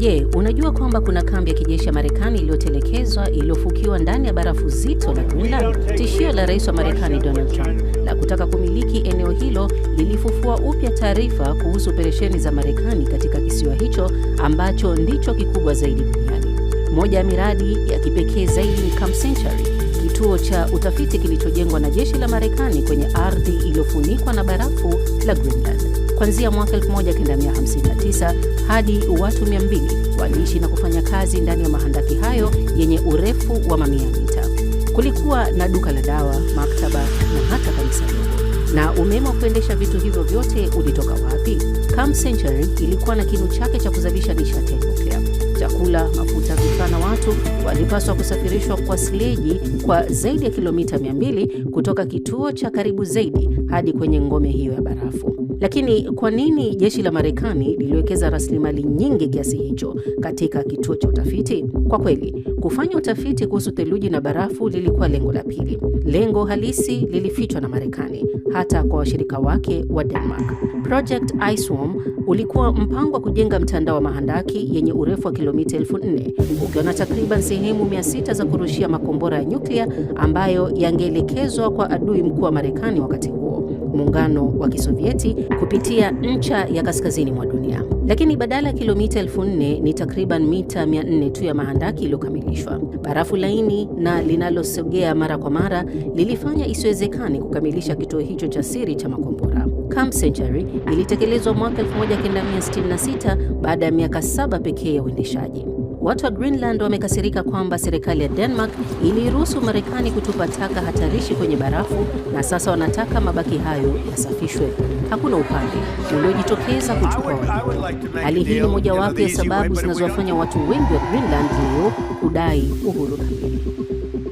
Je, unajua kwamba kuna kambi ya kijeshi ya Marekani iliyotelekezwa iliyofukiwa ndani ya barafu zito la Greenland? Tishio la rais wa Marekani Donald Trump la kutaka kumiliki eneo hilo lilifufua upya taarifa kuhusu operesheni za Marekani katika kisiwa hicho ambacho ndicho kikubwa zaidi duniani. Moja ya miradi ya kipekee zaidi ni Camp Century, kituo cha utafiti kilichojengwa na jeshi la Marekani kwenye ardhi iliyofunikwa na barafu la Greenland kuanzia mwaka 1950. 19 hadi watu 200 waliishi na kufanya kazi ndani ya mahandaki hayo yenye urefu wa mamia mita. Kulikuwa na duka la dawa, maktaba na hata kanisa dogo. Na umeme wa kuendesha vitu hivyo vyote ulitoka wapi? Camp Century ilikuwa na kinu chake cha kuzalisha nishati ya nyuklia. Chakula, mafuta, vifaa na watu walipaswa kusafirishwa kwa sleji kwa zaidi ya kilomita 200 kutoka kituo cha karibu zaidi hadi kwenye ngome hiyo ya barafu. Lakini kwa nini jeshi la Marekani liliwekeza rasilimali nyingi kiasi hicho katika kituo cha utafiti? Kwa kweli, kufanya utafiti kuhusu theluji na barafu lilikuwa lengo la pili. Lengo halisi lilifichwa na Marekani hata kwa washirika wake wa Denmark. Project Iceworm ulikuwa mpango wa kujenga mtandao wa mahandaki yenye urefu wa kilomita elfu nne ukiwa na takriban sehemu sita za kurushia makombora ya nyuklia ambayo yangeelekezwa kwa adui mkuu wa Marekani wakati huo huo muungano wa Kisovieti kupitia ncha ya kaskazini mwa dunia, lakini badala ya kilomita elfu nne ni takriban mita 400 tu ya mahandaki iliyokamilishwa. Barafu laini na linalosogea mara kwa mara lilifanya isiwezekane kukamilisha kituo hicho cha siri cha makombora. Camp Century ilitekelezwa mwaka 1966 baada ya miaka saba pekee ya uendeshaji. Watu wa Greenland wamekasirika kwamba serikali ya Denmark iliruhusu Marekani kutupa taka hatarishi kwenye barafu na sasa wanataka mabaki hayo yasafishwe. Hakuna upande uliojitokeza kuchukua wajibu. Hali hii ni mojawapo ya sababu zinazowafanya watu wengi wa Greenland leo kudai uhuru kamili.